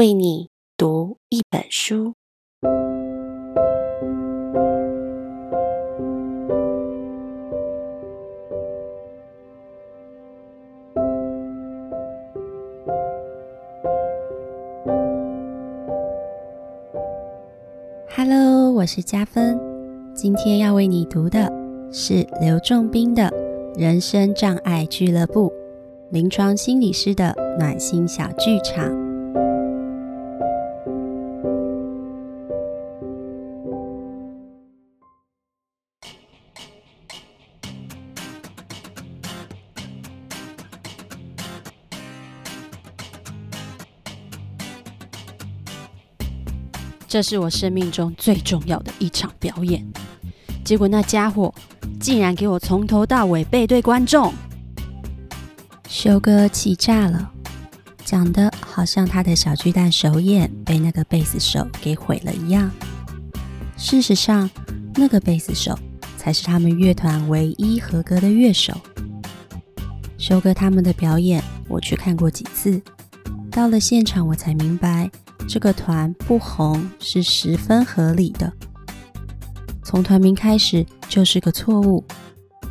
為你讀一本書。Hello，我是佳芬，今天要為你讀的是劉仲彬的《人生障礙俱樂部》，臨床心理師的暖心小劇場。這是我生命中最重要的一場表演，結果那傢伙竟然給我從頭到尾背對觀眾。修哥氣炸了，講得好像他的小巨蛋首演被那個貝斯手給毀了一樣。事實上，那個貝斯手才是他們樂團唯一合格的樂手。修哥他們的表演，我去看過幾次，到了現場我才明白。這個團不紅是十分合理的。從團名開始就是個錯誤。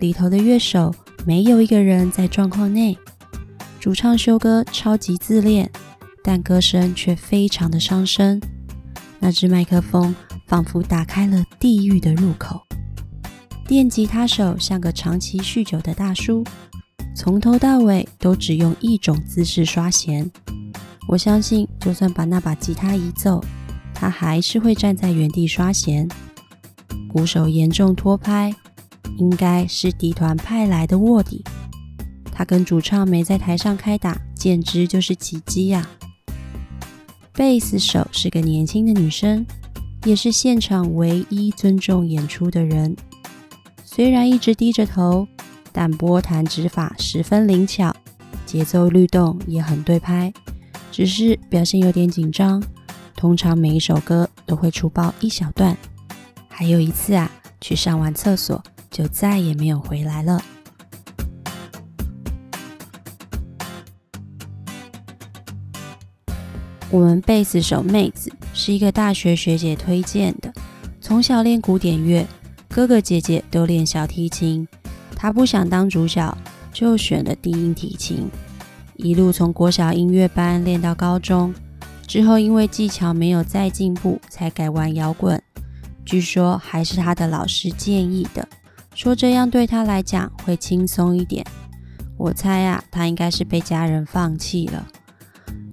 裡頭的樂手沒有一個人在狀況內。主唱修歌超級自戀，但歌聲卻非常的傷身。那只麥克風仿佛打開了地獄的入口。電吉他手像個長期酗酒的大叔，從頭到尾都只用一種姿勢刷弦。我相信，就算把那把吉他移走，他還是會站在原地刷弦。鼓手嚴重拖拍，應該是敵團派來的臥底。他跟主唱沒在台上開打，簡直就是奇蹟啊！貝斯手是個年輕的女生，也是現場唯一尊重演出的人。雖然一直低着頭，但撥彈指法十分靈巧，節奏律動也很對拍。只是表現有點緊張。通常每一首歌都會出包一小段。還有一次啊，去上完廁所就再也沒有回來了。 我們貝斯手妹子是一個大學學姐推薦的，從小練古典樂，哥哥姐姐都練小提琴，她不想當主角，就選了低音提琴。一路從國小音樂班練到高中，之後因為技巧沒有再進步，才改玩搖滾。據說還是他的老師建議的，說這樣對他來講會輕鬆一點。我猜啊，他應該是被家人放棄了。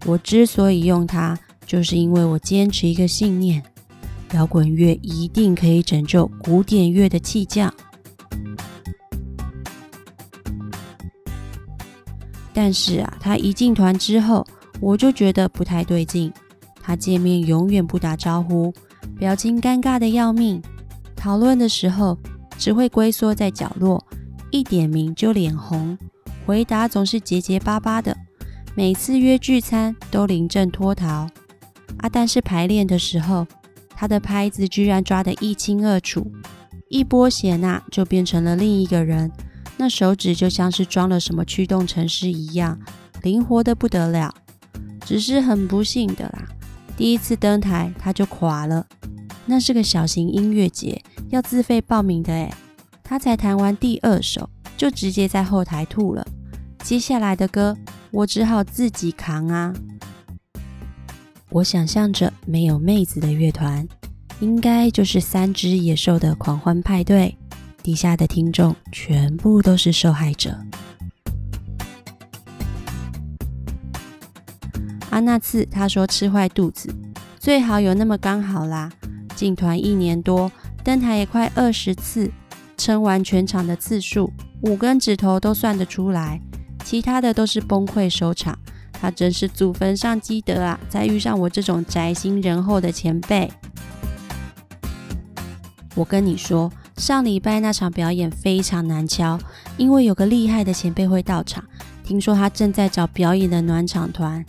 我之所以用他，就是因為我堅持一個信念：搖滾樂一定可以拯救古典樂的棄將。但是啊，他一進團之後，我就覺得不太對勁。他見面永遠不打招呼，表情尷尬得要命；討論的時候只會龜縮在角落，一點名就臉紅，回答總是結結巴巴的。每次約聚餐都臨陣脫逃。啊，但是排練的時候，他的拍子居然抓得一清二楚，一波絃，那就變成了另一個人。那手指就像是裝了什麼驅動程式一樣，靈活得不得了。只是很不幸的啦，第一次登台他就垮了。那是個小型音樂節，要自費報名的誒，他才彈完第二首，就直接在後台吐了。接下來的歌，我只好自己扛啊。我想象着沒有妹子的樂團，應該就是三隻野獸的狂歡派對。底下的聽眾全部都是受害者。阿，那次他說吃壞肚子，最好有那麼剛好啦。進團一年多，登台也快二十次，撐完全場的次數，五根指頭都算得出來。其他的都是崩潰收場。他真是祖墳上積德啊，才遇上我這種宅心仁厚的前輩。我跟你說。上禮拜那場表演非常難敲，因為有個厲害的前輩會到場。聽說他正在找表演的暖場團，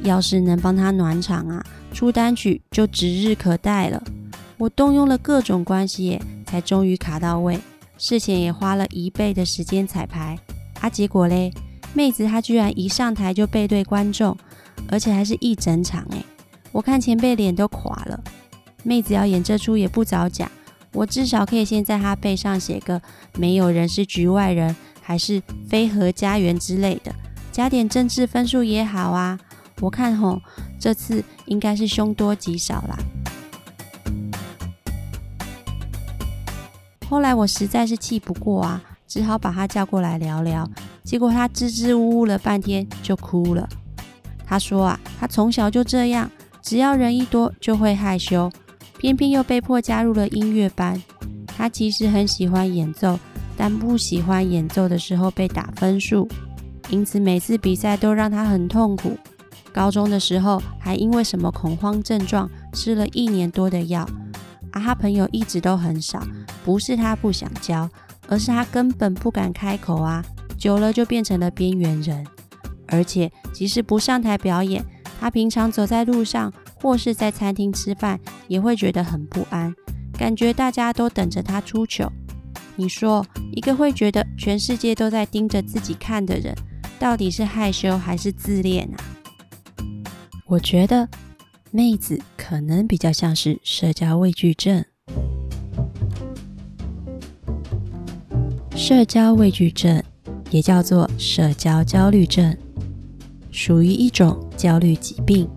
要是能幫他暖場啊，出單曲就指日可待了。我動用了各種關係耶，才終於卡到位。事前也花了一倍的時間彩排，啊，結果嘞？妹子她居然一上台就背對觀眾，而且還是一整場哎！我看前輩臉都垮了，妹子要演這出也不早講。我至少可以先在他背上寫個“沒有人是局外人”還是“非核家園”之類的，加點政治分數也好啊。我看吼，這次應該是凶多吉少啦。後來我實在是氣不過啊，只好把他叫過來聊聊。結果他支支吾吾了半天就哭了。他說啊，他從小就這樣，只要人一多就會害羞。偏偏又被迫加入了音樂班。他其實很喜歡演奏，但不喜歡演奏的時候被打分數，因此每次比賽都讓他很痛苦。高中的時候還因為什麼恐慌症狀吃了一年多的藥。而、啊、他朋友一直都很少，不是他不想交，而是他根本不敢開口啊。久了就變成了邊緣人。而且即使不上台表演，他平常走在路上。或是在餐廳吃飯，也會覺得很不安，感覺大家都等着他出糗。你說，一個會覺得全世界都在盯着自己看的人，到底是害羞還是自戀啊？我覺得，妹子可能比較像是社交畏懼症。社交畏懼症也叫做社交焦慮症，屬於一種焦慮疾病。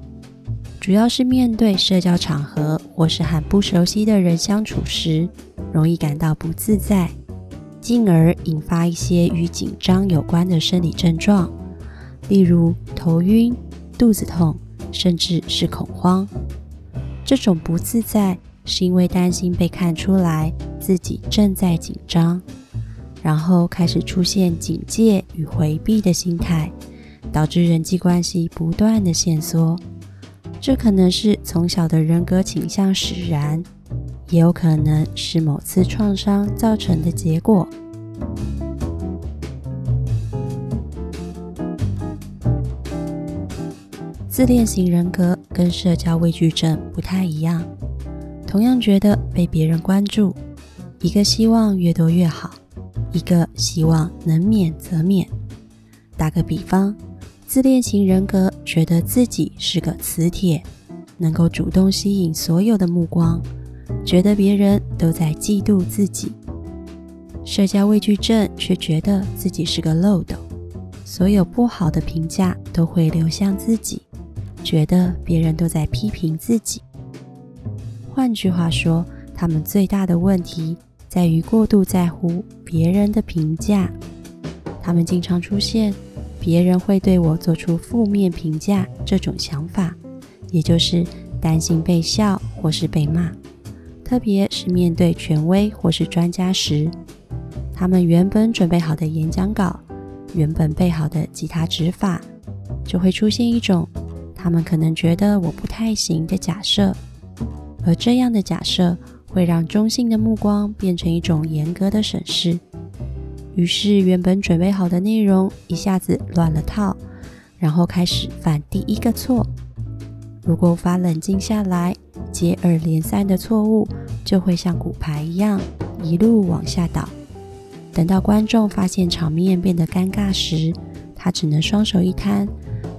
主要是面對社交場合或是很不熟悉的人相處時，容易感到不自在，進而引發一些與緊張有關的生理症狀，例如頭暈、肚子痛，甚至是恐慌。這種不自在是因為擔心被看出來自己正在緊張，然後開始出現警戒與回避的心態，導致人際關係不斷的限縮。這可能是從小的人格傾向使然，也有可能是某次創傷造成的結果。自戀型人格跟社交畏懼症不太一樣，同樣覺得被別人關注，一個希望越多越好，一個希望能免則免。打個比方。自戀型人格覺得自己是個磁鐵，能夠主動吸引所有的目光，覺得別人都在嫉妒自己。社交畏懼症卻覺得自己是個漏斗，所有不好的評價都會流向自己，覺得別人都在批評自己。換句話說，他們最大的問題在於過度在乎別人的評價。他們經常出現。別人會對我做出負面評價，這種想法，也就是擔心被笑或是被罵，特別是面對權威或是專家時，他們原本準備好的演講稿，原本備好的吉他指法，就會出現一種他們可能覺得我不太行的假設，而這樣的假設會讓中性的目光變成一種嚴格的審視。於是，原本準備好的內容一下子亂了套，然後開始犯第一個錯。如果無法冷靜下來，接二連三的錯誤就會像骨牌一樣一路往下倒。等到觀眾發現場面變得尷尬時，他只能雙手一攤，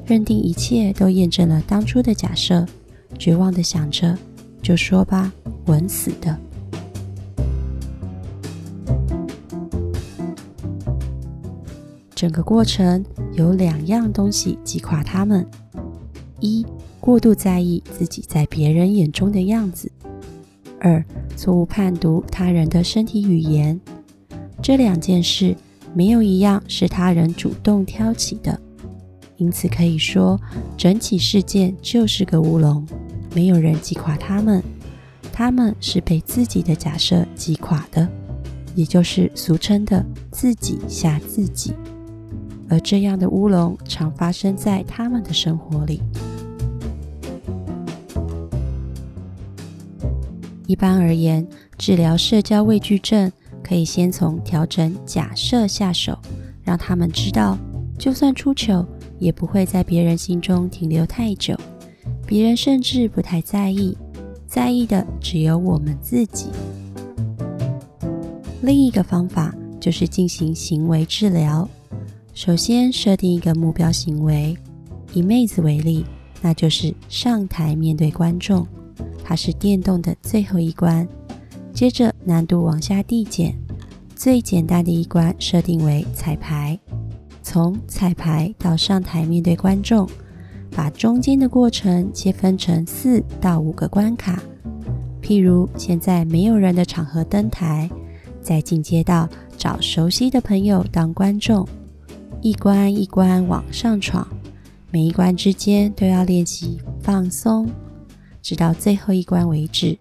認定一切都驗證了當初的假設，絕望地想着：“就說吧，穩死的。”整個過程有兩樣東西擊垮他們：一、過度在意自己在別人眼中的樣子；二、錯誤判讀他人的身體語言。這兩件事沒有一樣是他人主動挑起的，因此可以說，整起事件就是個烏龍，沒有人擊垮他們，他們是被自己的假設擊垮的，也就是俗稱的“自己嚇自己”。而這樣的烏龍常發生在他們的生活裡。一般而言，治療社交畏懼症可以先從調整假設下手，讓他們知道，就算出糗，也不會在別人心中停留太久，別人甚至不太在意，在意的只有我們自己。另一個方法就是進行行為治療。首先設定一個目標行為，以妹子為例，那就是上台面對觀眾。它是電動的最後一關。接着難度往下遞減，最簡單的一關設定為彩排。從彩排到上台面對觀眾，把中間的過程切分成四到五個關卡。譬如現在沒有人的場合登台，再進階到找熟悉的朋友當觀眾。一關一關往上闖，每一關之間都要練習放鬆，直到最後一關為止。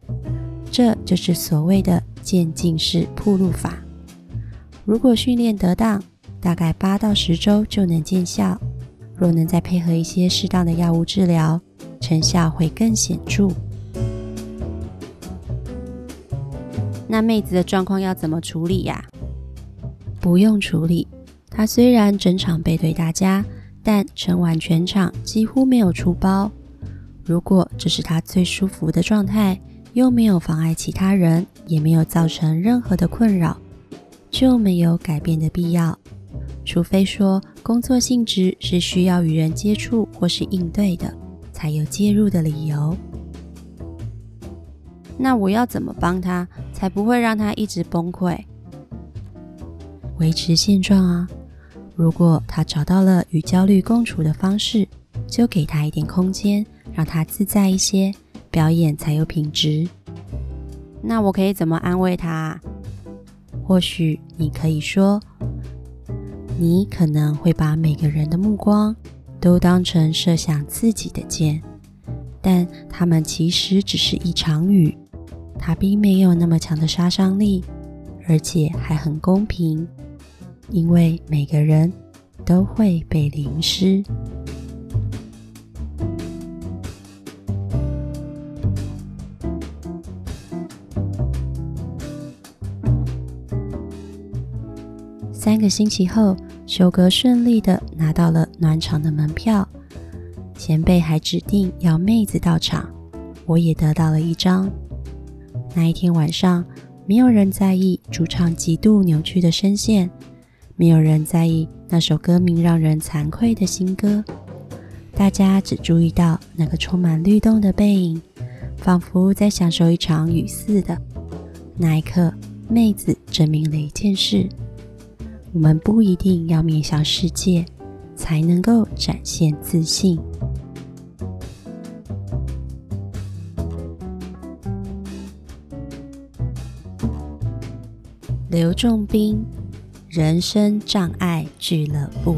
這就是所謂的漸進式暴露法。如果訓練得當，大概八到十週就能見效。若能再配合一些適當的藥物治療，成效會更顯著。那妹子的狀況要怎麼處理呀、啊？不用處理。他雖然整場背對大家，但撐完全場幾乎沒有出包。如果這是他最舒服的狀態，又沒有妨礙其他人，也沒有造成任何的困擾，就沒有改變的必要。除非說工作性質是需要與人接觸或是應對的，才有介入的理由。那我要怎麼幫他，才不會讓他一直崩潰？維持現狀啊。如果他找到了與焦慮共處的方式，就給他一點空間，讓他自在一些，表演才有品質。那我可以怎麼安慰他？或許你可以說，你可能會把每個人的目光都當成射向自己的箭，但他們其實只是一場雨，它並沒有那麼強的殺傷力，而且還很公平。因為每個人都會被淋濕。三個星期後，修哥順利的拿到了暖場的門票，前輩還指定要妹子到場。我也得到了一張。那一天晚上，沒有人在意主唱極度扭曲的聲線。沒有人在意那首歌名讓人慚愧的新歌，大家只注意到那個充滿律動的背影，仿佛在享受一場雨似的。那一刻，妹子證明了一件事：我們不一定要面向世界，才能夠展現自信。劉仲彬。人生障礙俱樂部，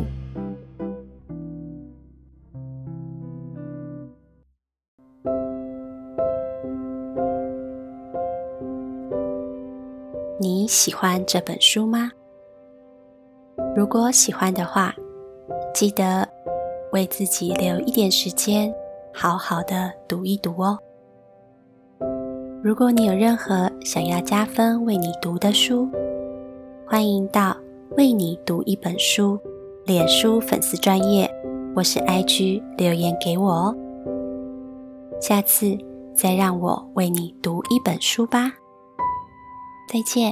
你喜歡這本書嗎？如果喜歡的話，記得為自己留一點時間，好好的讀一讀哦。如果你有任何想要家芬為你讀的書，歡迎到。為你讀一本書，臉書粉絲專頁，我是 IG，留言給我哦。下次再讓我為你讀一本書吧，再見。